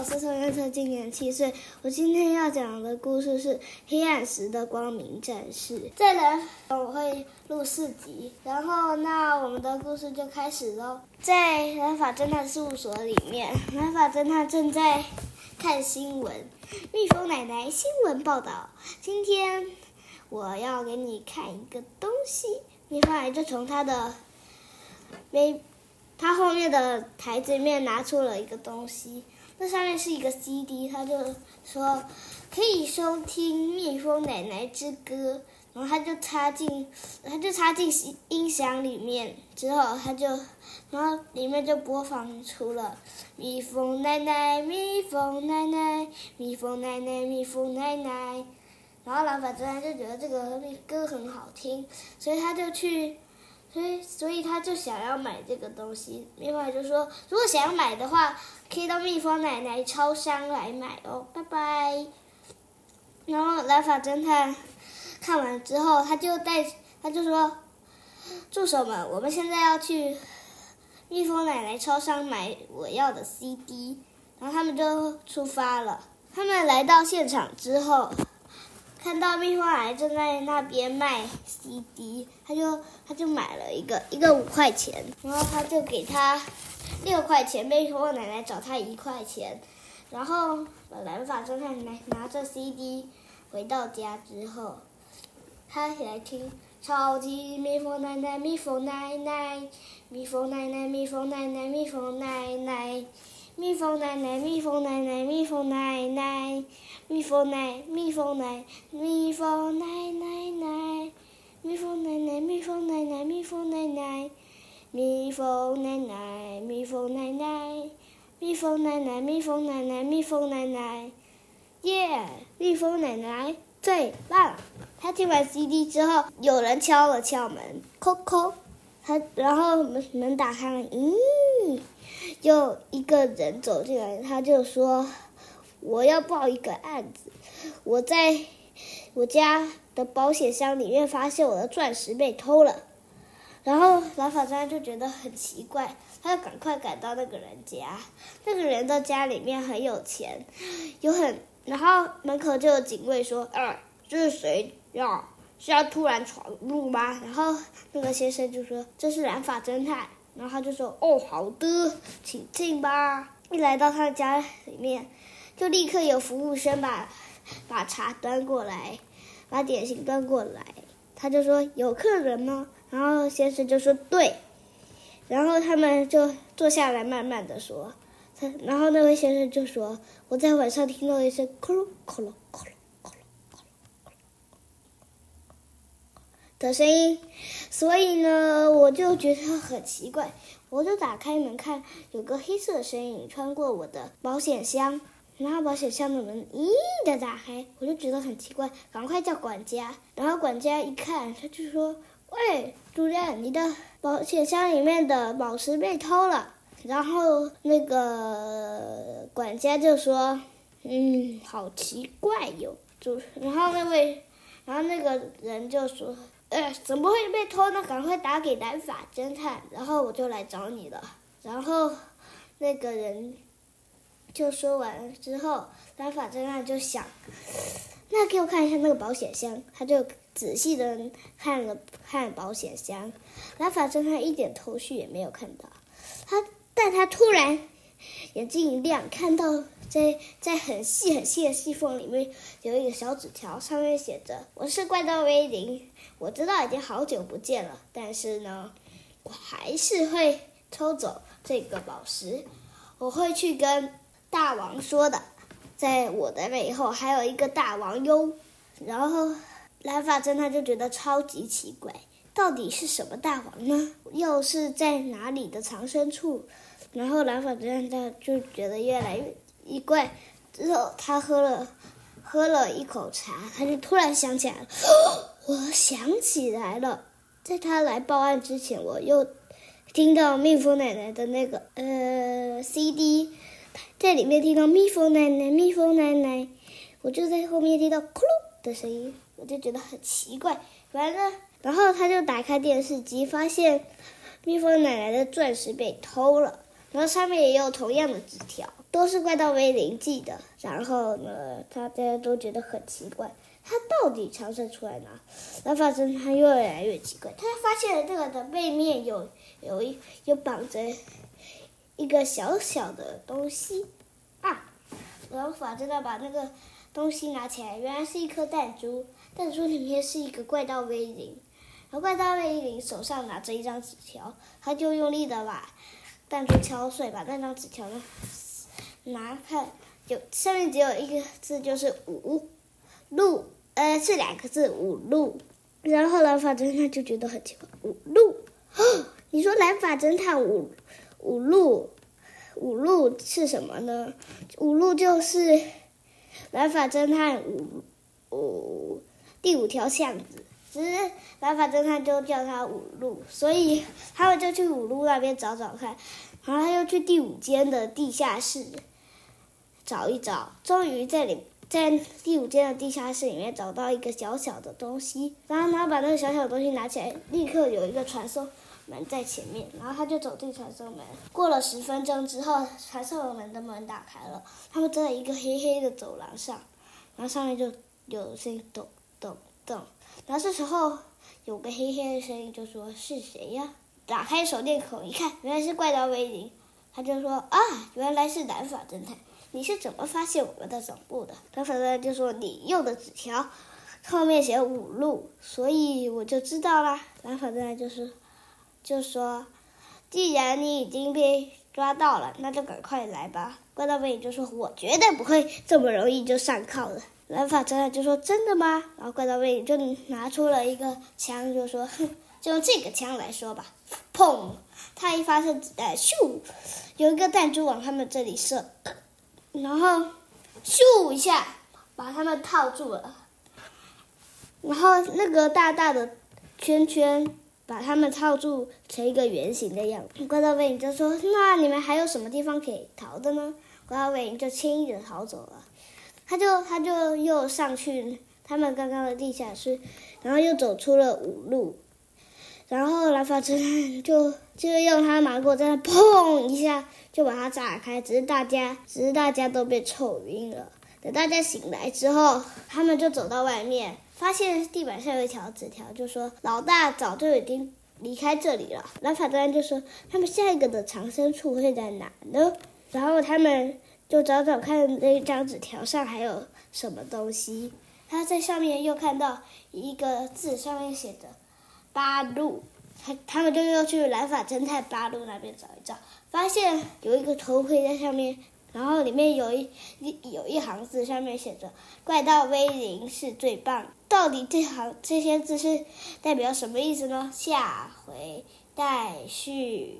我是宋彥策，今年七歲。我今天要講的故事是《黑暗石的光明戰士》。再來，我會錄四集，然後那我們的故事就開始嘍。在藍髮偵探事務所裡面，藍髮偵探正在看新聞。蜜蜂奶奶新聞報道：今天我要給你看一個東西。蜜蜂奶奶就從他的沒，他後面的台子裡面拿出了一個東西。那上面是一個 CD，他就說可以收聽蜜蜂奶奶之歌，然後他就插進，他就插進音響裡面，之後他就，然後裡面就播放出了蜜蜂奶奶，蜜蜂奶奶，蜜蜂奶奶，蜜蜂奶奶，蜜蜂奶奶。然後老板突然就覺得這個歌很好聽，所以他就去。所以，所以他就想要買這個東西。蜜蜂奶奶就說：“如果想要買的話，可以到蜜蜂奶奶超商來買哦，拜拜。”然後，藍髮偵探看完之後，他就帶，他就說：“助手們，我們現在要去蜜蜂奶奶超商買我要的 CD。”然後他們就出發了。他們來到現場之後。看到蜜蜂奶奶正在那邊賣 CD，他就他就買了一個，一個五塊錢，然後他就給他六塊錢，蜜蜂奶奶找他一塊錢。然後藍髮偵探拿，拿着 CD 回到家之後，他起來聽超級蜜蜂奶奶，蜜蜂奶奶，蜜蜂奶奶，蜜蜂奶奶，蜜蜂奶奶，蜜蜂奶奶，蜜蜂奶奶，蜜蜂奶奶。蜜蜂奶，蜜蜂奶，蜜蜂奶奶奶，蜜蜂奶奶，蜜蜂奶奶，蜜蜂奶奶，蜜蜂奶奶，蜜蜂奶奶，蜜蜂奶奶，蜜蜂奶奶，蜜蜂奶奶，耶！蜜蜂奶奶最棒。他聽完 CD 之後，有人敲了敲門，叩叩，他然後門門打開了，咦，有一個人走進來，他就說。我要報一個案子，我在我家的保險箱裡面發現我的鑽石被偷了，然後藍髮偵探就覺得很奇怪，他就趕快趕到那個人家。那個人的家裡面很有錢，有很，然後門口就有警衛說：“呃，這是誰呀、啊？是要突然闖入嗎？”然後那個先生就說：“這是藍髮偵探。”然後他就說：“哦，好的，請進吧。”一來到他的家裡面。就立刻有服務生把，把茶端過來，把點心端過來。他就說：“有客人嗎？”然後先生就說：“對。”然後他們就坐下來，慢慢的說。他然後那位先生就說：“我在晚上聽到一聲‘咯咯咯咯咯咯咯咯’的聲音，所以呢，我就覺得很奇怪。我就打開門看，有個黑色的身影穿過我的保險箱。”然後保險箱的門“咦”的打開，我就覺得很奇怪，趕快叫管家。然後管家一看，他就說：“喂，主任，你的保險箱裡面的寶石被偷了。”然後那個管家就說：“嗯，好奇怪喲，主。”然後那位，然後那個人就說：“哎，怎麼會被偷呢？趕快打給藍髮偵探。”然後我就來找你了。然後那個人。就說完了之後，藍髮偵探就想，那給我看一下那個保險箱。他就仔細的看了看保險箱，藍髮偵探一點頭緒也沒有看到。他，但他突然眼睛一亮，看到在在很細很細的細縫裡面有一個小紙條，上面寫着：“我是怪盜威靈，我知道已經好久不見了，但是呢，我還是會抽走這個寶石，我會去跟。”大王說的，在我的背後還有一個大王喲。然後藍髮偵探他就覺得超級奇怪，到底是什麼大王呢？又是在哪裡的藏身處？然後藍髮偵探他就覺得越來越奇怪。之後他喝了，喝了一口茶，他就突然想起來了。 我想起來了，在他來報案之前，我又聽到蜜蜂奶奶的那個呃 CD。在裡面聽到蜜蜂奶奶、蜜蜂奶奶，我就在後面聽到“咕嚕”的聲音，我就覺得很奇怪。反正，然後他就打開電視機，發現蜜蜂奶奶的鑽石被偷了，然後上面也有同樣的紙條，都是怪盜威林寄的。然後呢，他大家都覺得很奇怪，他到底藏身出來呢？然後發現他越來越奇怪，他就發現了這個的背面有有有綁着。一個小小的東西啊，然後藍髮偵探把那個東西拿起來，原來是一顆彈珠，彈珠裡面是一個怪盜威靈，然後怪盜威靈手上拿着一張紙條，他就用力的把彈珠敲碎，把那張紙條呢拿開，就上面只有一個字，就是五路，呃，是兩個字，五路。然後後法偵探就覺得很奇怪，五路。哦，你說藍髮偵探五。五路，五路是什麼呢？五路就是，藍髮偵探五，五第五條巷子，只是藍髮偵探就叫他五路，所以他們就去五路那邊找找看，然後他又去第五間的地下室，找一找，終於在裡，在第五間的地下室裡面找到一個小小的東西，然後他把那個小小的東西拿起來，立刻有一個傳送。門在前面，然後他就走進傳送門。過了十分鐘之後，傳送門的門打開了，他們在一個黑黑的走廊上，然後上面就有聲音咚咚咚。然後這時候有個黑黑的聲音就說：“是誰呀？”打開手電筒一看，原來是怪盜威尼，他就說：“啊，原來是藍髮偵探，你是怎麼發現我們的總部的？”藍髮偵探就說：“你用的紙條，後面寫五路，所以我就知道啦。藍髮偵探就說、是。就說：“既然你已經被抓到了，那就趕快來吧。”怪盜飛影就說：“我絕對不會這麼容易就上銬的。”藍髮偵探就說：“真的嗎？”然後怪盜飛影就拿出了一個槍，就說：“哼，就用這個槍來說吧。”砰！他一發射子彈，咻，有一個彈珠往他們這裡射，然後咻一下把他們套住了，然後那個大大的圈圈。把他們套住成一個圓形的樣子，怪盜威你就說：“那你們還有什麼地方可以逃的呢？”怪盜威就輕易的逃走了。他就他就又上去他們剛剛的地下室，然後又走出了五路，然後藍髮偵探就就用他的芒果在那砰一下就把它炸開，只是大家只是大家都被臭暈了。等大家醒來之後，他們就走到外面。發現地板上有一條紙條，就說老大早就已經離開這裡了。藍髮偵探就說，他們下一個的藏身處會在哪呢？然後他們就找找看那一張紙條上還有什麼東西。他在上面又看到一個字，上面寫着“八路”。他，他他們就又去藍髮偵探八路那邊找一找，發現有一個頭盔在上面。然後裡面有一有一行字，上面寫着“怪盜威靈是最棒”。到底這行這些字是代表什麼意思呢？下回待續。